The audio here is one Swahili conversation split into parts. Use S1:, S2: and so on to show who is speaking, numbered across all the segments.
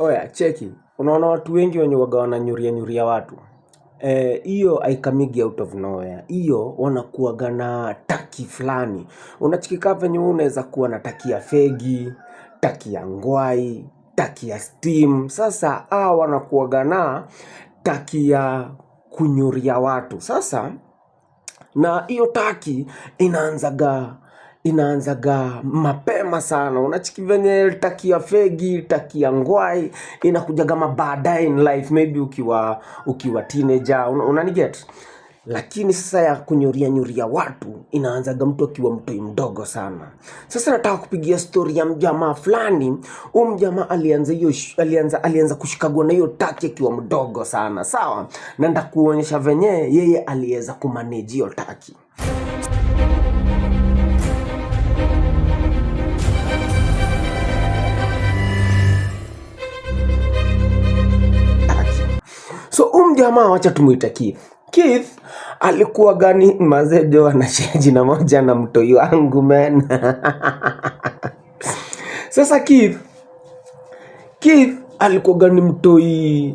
S1: Oya, oh cheki, unaona watu wengi wenye waga wananyuria nyuria watu hiyo eh, haikamigi out of nowhere. Hiyo wanakuaga na taki fulani, unachikika venye unaweza kuwa na taki ya fegi, taki ya ngwai, taki ya steam. Sasa hawa wanakuwaga na taki ya kunyuria watu sasa, na hiyo taki inaanzaga inaanzaga mapema sana unachiki venye litakia fegi ya ngwai inakujaga mabaadaye in life maybe ukiwa ukiwa teenager unaniget lakini sasa ya kunyuria nyuria watu inaanzaga mtu akiwa mtoi mdogo sana. Sasa nataka kupigia stori ya mjamaa fulani. huu mjamaa alianza hiyo alianza alianza kushikagwa na hiyo taki akiwa mdogo sana, sawa, naenda kuonyesha venye yeye aliweza kumaneji hiyo taki. jamaa wacha tumuitakie Keith alikuwa gani? mazejo jo jina moja na mtoi wangu man. Sasa Keith, Keith alikuwa gani mtoi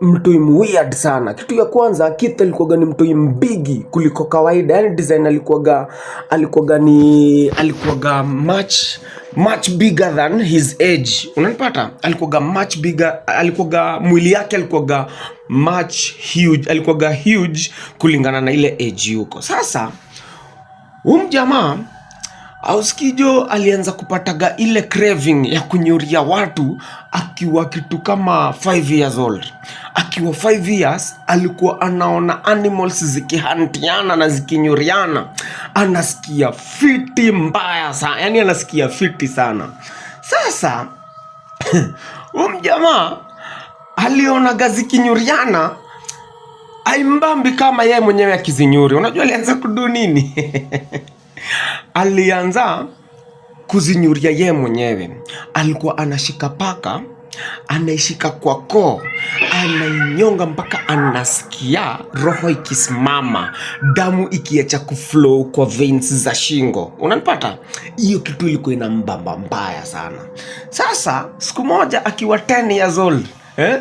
S1: mtoi weird sana. Kitu ya kwanza Keith alikuwaga ni mtoi mbigi kuliko kawaida, yani design alikuwaga alikuwaga ni alikuwaga much much bigger than his age, unanipata? Alikuwaga much bigger, alikuwaga mwili yake alikuwaga much huge, alikuwaga huge kulingana na ile age yuko sasa. Huyu jamaa Auskijo alianza kupataga ile craving ya kunyuria watu akiwa kitu kama 5 years old. Akiwa 5 years alikuwa anaona animals zikihantiana na zikinyuriana, anasikia fiti mbaya sana, yani anasikia fiti sana. Sasa mjamaa alionaga zikinyuriana aimbambi kama yeye mwenyewe akizinyuri. Unajua alianza kudu nini? alianza kuzinyuria ye mwenyewe. Alikuwa anashika paka, anaishika kwa koo, anainyonga mpaka anasikia roho ikisimama, damu ikiacha kuflow kwa veins za shingo. Unanipata? Hiyo kitu ilikuwa ina mbamba mbaya sana. Sasa siku moja akiwa 10 years old eh?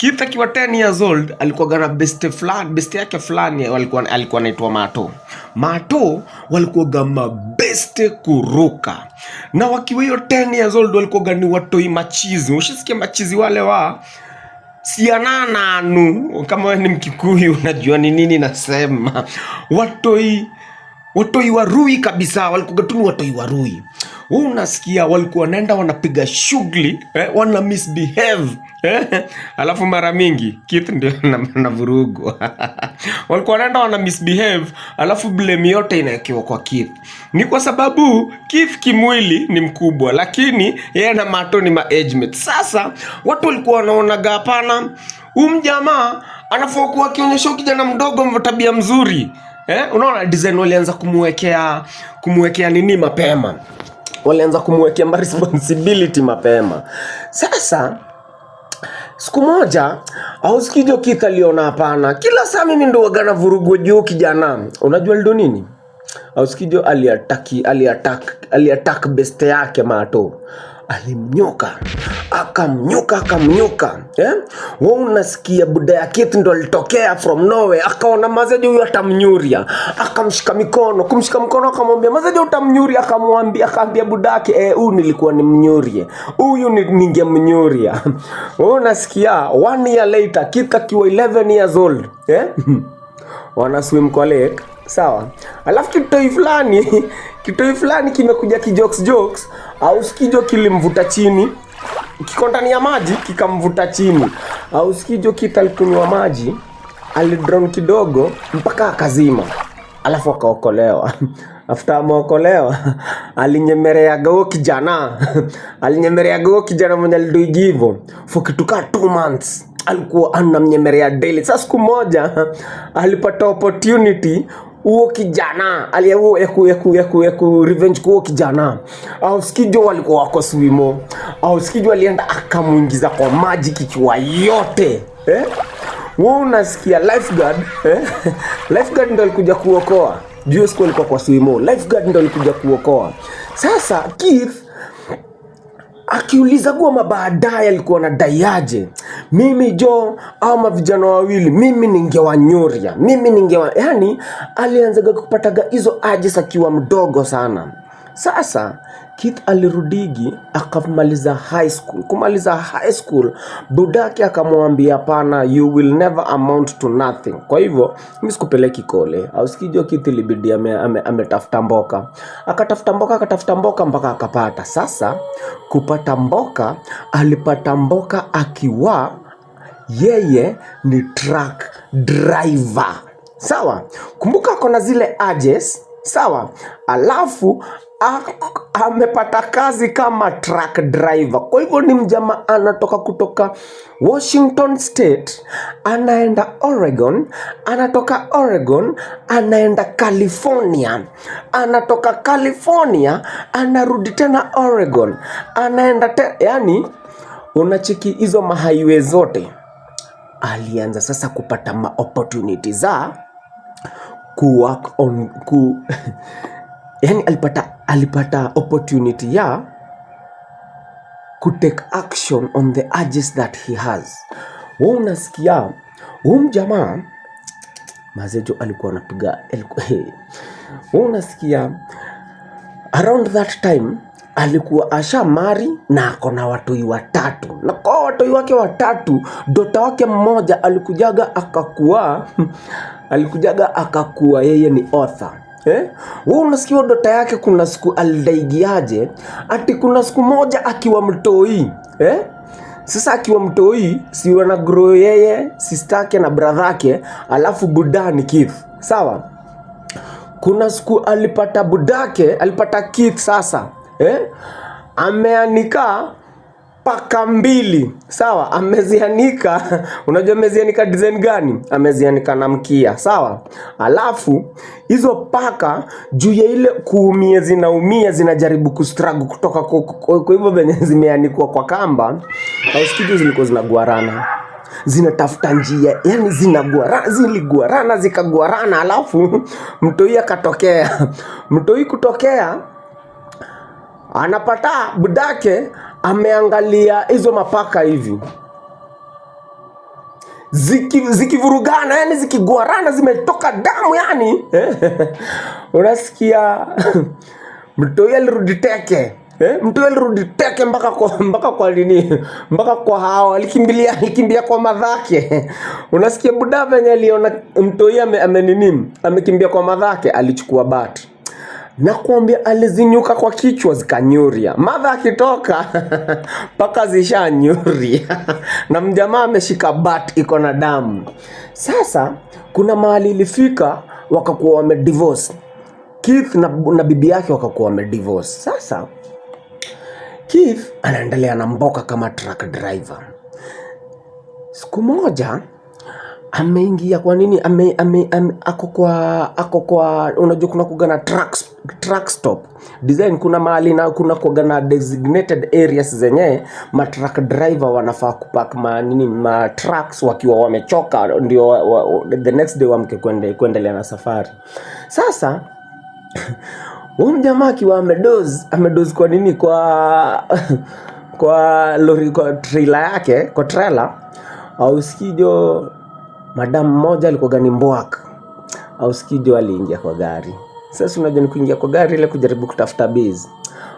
S1: Kitha Kiwatea 10 years old alikuwa na best fulani, best yake fulani alikuwa alikuwa anaitwa Mato. Mato walikuwa gama best kuruka. Na wakiwa hiyo 10 years old walikuwa ni watoi machizi. Ushisikia machizi wale wa sianana anu, kama wewe ni Mkikuyu unajua ni nini nasema. Watoi watoi warui kabisa, walikuwa tu watoi warui. Unasikia walikuwa wanaenda wanapiga shughuli eh, wana misbehave eh, alafu mara mingi kit ndio na vurugu walikuwa wanaenda wana misbehave, alafu blame yote inawekewa kwa kit Ni kwa sababu Keith kimwili ni mkubwa, lakini yeye na Mato ni ma-age-mate. Sasa watu walikuwa wanaonaga hapana, huu mjamaa anafaa kuwa akionyesha kijana mdogo tabia mzuri Eh, unaona design walianza kumwekea kumwekea nini mapema, walianza kumwekea ma responsibility mapema. Sasa siku moja auskijo Keith aliona hapana, kila saa mimi ndo wagana vurugu juu kijana. Unajua lido nini? Auskijo aliataki aliatak aliatak best yake mato alimnyoka akamnyuka akamnyuka eh? wa unasikia buda ya kitu ndo alitokea from nowhere akaona mazaji huyu atamnyuria akamshika mikono kumshika mkono akamwambia mazaji utamnyuria akamwambia akaambia buda yake eh, huyu nilikuwa nimnyurie huyu ningemnyuria wa unasikia one year later kitu akiwa 11 years old eh? wanaswim kwa lake sawa alafu kitoi fulani kitoi fulani kimekuja kijokes jokes, au sikijo kilimvuta chini, kiko ndani ya maji kikamvuta chini, au auskijo kitalikunywa maji, alidron kidogo mpaka akazima, alafu akaokolewa after ameokolewa alinyemerea gao kijana alinyemerea gao kijana mwenye alidoigi hivyo for kituka kaa two months alikuwa anamnyemerea daily. Sasa siku moja alipata opportunity huo kijana aliyeku yaku revenge kwa kijana auskijo walikuwa wako swimo auskijo alienda akamuingiza kwa maji kichwa yote eh? Wewe unasikia lifeguard eh? lifeguard ndo alikuja kuokoa juu siku alikuwa kwa swimo, lifeguard ndo alikuja kuokoa. Sasa Keith akiuliza kuwa mabaadaye alikuwa na daiaje mimi Jo ama vijana wawili, mimi ningewanyuria, mimi ningewa, yani alianzaga kupataga hizo urges akiwa mdogo sana. Sasa Keith alirudigi akamaliza high school. Kumaliza high school, budake akamwambia pana, you will never amount to nothing. Kwa hivyo mimi sikupeleki kole, au sikijua Keith ilibidi ametafuta ame, ame mboka, akatafuta mboka, akatafuta mboka mpaka akapata. Sasa kupata mboka, alipata mboka akiwa yeye ni truck driver, sawa. Kumbuka kona zile ages sawa. Alafu amepata kazi kama truck driver. Kwa hivyo ni mjamaa anatoka kutoka Washington State anaenda Oregon, anatoka Oregon anaenda California, anatoka California anarudi tena Oregon, anaenda te, yani unachiki hizo mahaiwe zote alianza sasa kupata ma opportunity za ku work on ku yani alipata, alipata opportunity ya ku take action on the urges that he has. Wewe unasikia huu jamaa mazejo alikuwa anapiga wewe unasikia around that time alikuwa asha mari na ako na watoi watatu, na kwa watoi wake watatu, dota wake mmoja alikujaga akakuwa alikujaga akakuwa yeye ni author Eh? Wewe unasikia dota yake kuna siku alidaigiaje ati kuna siku moja akiwa mtoi eh? Sasa akiwa mtoi si wana grow yeye sistake na bradhake, alafu budani Keith sawa. Kuna siku alipata budake alipata Keith sasa eh? Ameanika paka mbili sawa, amezianika. Unajua amezianika design gani? Amezianika na mkia sawa. Alafu hizo paka juu ya ile kuumia, zinaumia zinajaribu kustruggle kutoka kwa hivyo venye zimeanikwa kwa kamba, ausikitu zilikuwa zinaguarana zinatafuta njia yani, zinaguarana, ziliguarana zikaguarana, alafu mtoi akatokea. Mtoi kutokea anapata budake ameangalia hizo mapaka hivi zikivurugana ziki yani zikigwarana zimetoka damu yani unasikia mtoi alirudi teke eh? mtoi alirudi teke mpaka kwa mpaka kwa nini mpaka kwa hao alikimbilia alikimbia kwa madhake unasikia buda venye aliona mtoi amenini ame amekimbia kwa madhake alichukua bati na kuambia alizinyuka kwa kichwa zikanyuria, madha akitoka mpaka zishanyuria na mjamaa ameshika bat iko na damu. Sasa kuna mahali ilifika wakakuwa divorce Keith na, na bibi yake wakakuwa divorce. Sasa Keith anaendelea na mboka kama truck driver. Siku moja ameingia kwa nini ame, ame, ame, ako kwa ako kwa unajua kuna kugana na truck stop design kuna mahali na kuna kugana designated areas zenye matruck driver wanafaa kupak ma nini ma trucks wakiwa wamechoka ndio wa, wa, the next day wamke kuende, kuendelea na safari sasa huyu jamaa akiwa amedoz amedoz kwa nini kwa kwa lori kwa trailer yake kwa trailer ausikijo madam mmoja alikuwa ni mbwak au sikijo aliingia kwa gari. Sasa unajua ni kuingia kwa gari ile kujaribu kutafuta base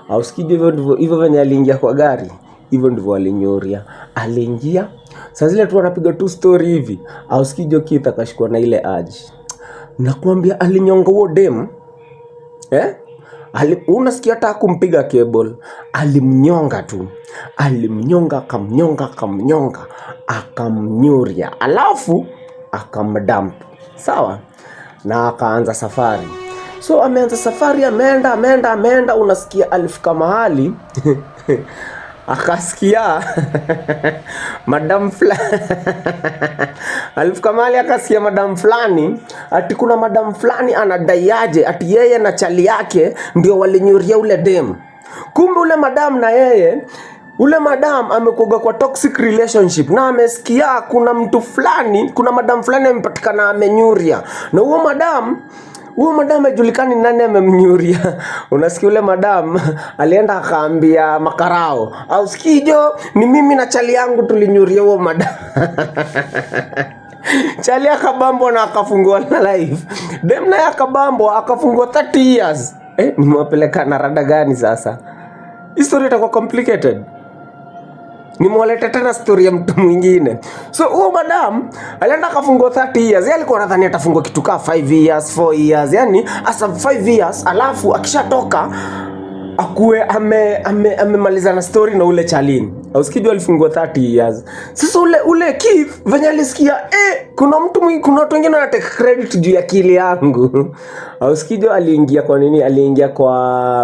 S1: au sikijo, hivyo ndivyo hivyo venye aliingia kwa gari hivyo ndivyo alinyuria, aliingia sasa zile tu anapiga tu story hivi au sikijo kita kashikwa na ile aji nakwambia, alinyonga huo dem eh Ali, unasikia hata kumpiga cable alimnyonga tu, alimnyonga akamnyonga akamnyonga akamnyuria, alafu akamdump, sawa, na akaanza safari. So ameanza safari, ameenda ameenda ameenda, unasikia alifika mahali akasikia madam fulani alifika mahali akasikia madam fulani ati kuna madam fulani anadaiaje ati yeye na chali yake ndio walinyuria ule dem. Kumbe ule madam na yeye Ule madam amekuoga kwa toxic relationship na amesikia kuna mtu fulani, kuna madam fulani amepatikana amenyuria, na huo madam huyo madam ajulikani nani amemnyuria. Unasikia ule madam alienda akaambia makarao au sikijo, ni mimi na chali yangu tulinyuria huo madam chali akabambwa na akafungua na life, dem naye akabambwa akafungua 30 years. Eh, nimewapeleka na rada gani sasa? Historia itakuwa complicated nimwalete tena story ya mtu mwingine. So huyo madam alienda kafungo 30 years, yeye alikuwa nadhani atafungwa kitu ka 5 years, 4 years, yani asa 5 years, alafu akishatoka akuwe amemaliza ame, ame na story na ule chalini ausikiju alifungwa 30 years. Sasa ule ule Keith venye alisikia eh, kuna mtu kuna watu wengine wanateka credit juu ya akili yangu ausikiju aliingia kwa nini? Aliingia kwa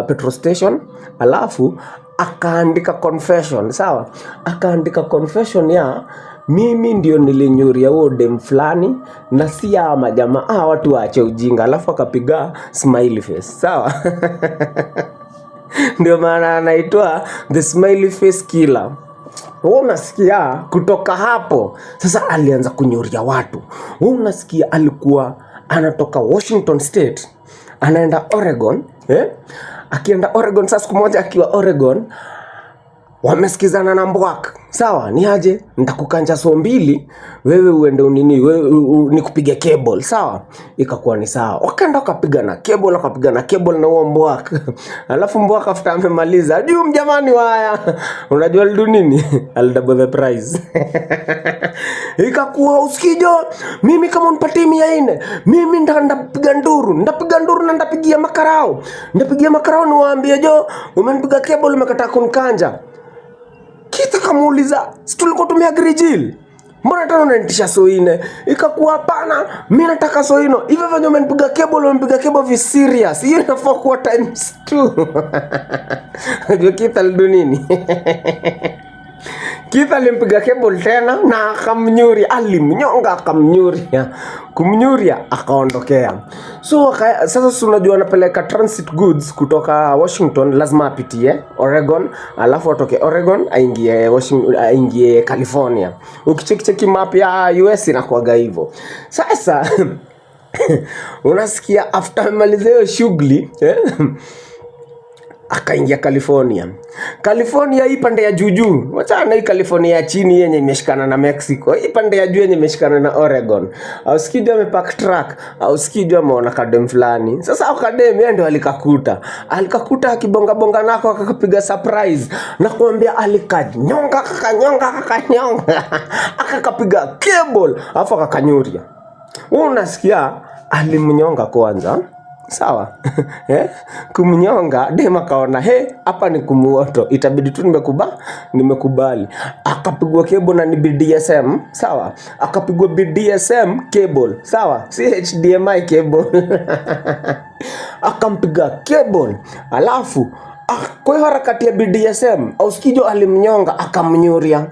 S1: petrol station alafu akaandika confession sawa, akaandika confession ya mimi ndio nilinyuria huo dem fulani na si hawa majamaa ah, watu waache ujinga, alafu akapiga smiley face sawa. Ndio maana anaitwa the smiley face killer. Wewe unasikia kutoka hapo sasa, alianza kunyuria watu. Wewe unasikia alikuwa anatoka Washington State anaenda Oregon eh? akienda Oregon. Saa siku moja akiwa Oregon wamesikizana na Mbwaka, sawa, ni aje, nitakukanja so mbili, wewe uende unini, wewe nikupiga cable, sawa. Ikakuwa ni sawa, wakaenda wakapiga na cable, wakapiga na cable na huo Mbwaka alafu Mbwaka afta amemaliza, juu mjamani waya, unajua alidu nini, alidouble the price ikakuwa usikijo, mimi kama unipatie mia nne mimi ndapiga nduru, ndapiga nduru na ndapigia makarao, ndapigia makarao niwaambie, jo, umenipiga cable, umekataa kunkanja Keith akamuuliza, si tulikuwa grijil Mbona tena unanitisha soine? Ikakuwa hapana, mi nataka soino. Hivyo hivyo ndio umenipiga kebo, umenipiga kebo vi serious. Hiyo inafaa kuwa times 2. Keith alidu nini? Keith alimpiga Cable tena na akamnyuri, alimnyonga akamnyuria, kumnyuria akaondokea. So waka, sasa unajua anapeleka transit goods kutoka Washington, lazima apitie Oregon, alafu atoke Oregon aingie Washington, aingie California. Ukichekicheki map ya US inakuwaga hivyo. Sasa unasikia after maliza hiyo shughuli eh? akaingia California. California hii pande ya juujuu, wachana hii California ya chini yenye imeshikana na Mexico, hii pande ya juu yenye imeshikana na Oregon. Au juu amepack truck, au juu ameona kadem fulani. Sasa au kadem yeye ndio alikakuta, alikakuta akibonga bonga nako, akakapiga surprise na kuambia, alikanyonga akakanyonga akakanyonga akakapiga cable, afu akakanyuria. Wewe unasikia alimnyonga kwanza sawa eh? kumnyonga dem akaona he, hapa ni kumuoto, itabidi tu nimekuba nimekubali. Akapigwa cable na ni BDSM sawa, akapigwa BDSM cable sawa, si HDMI cable akampiga cable alafu ah, kwa hiyo harakati ya BDSM auskijo alimnyonga akamnyuria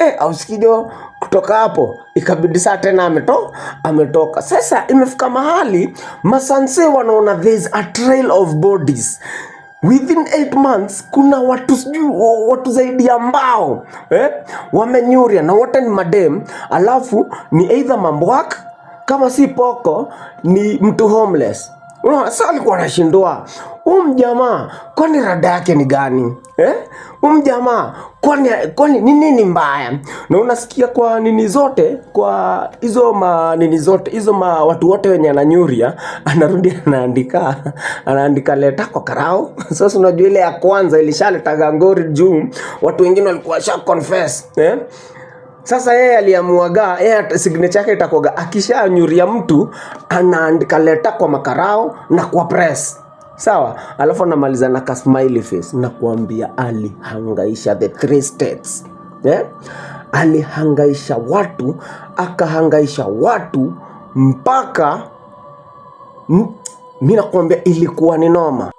S1: Eh, ausikido kutoka hapo ikabidi saa tena ameto, ametoka sasa. Imefika mahali masanse wanaona there's a trail of bodies within 8 months. Kuna watu sijui watu zaidi ambao mbao eh, wamenyuria na wote ni madem, alafu ni either mambwak kama si poko ni mtu homeless Unaona, sasa alikuwa anashindwa huyu mjamaa, kwani rada yake ni gani eh? Huyu mjamaa kwani kwani ni nini mbaya? Na unasikia kwa nini zote kwa hizo ma nini zote hizo ma watu wote wenye ananyuria, anarudi anaandika anaandika leta kwa karao. Sasa unajua ile ya kwanza ilishaleta gangori juu, watu wengine walikuwa sha confess eh sasa yeye aliamuaga, yeye signature yake itakuwaga akishanyuria mtu anaandika leta kwa makarao na kwa press sawa, alafu anamaliza na ka smiley face na kuambia alihangaisha the three states yeah? Alihangaisha watu akahangaisha watu mpaka mi nakuambia ilikuwa ni noma.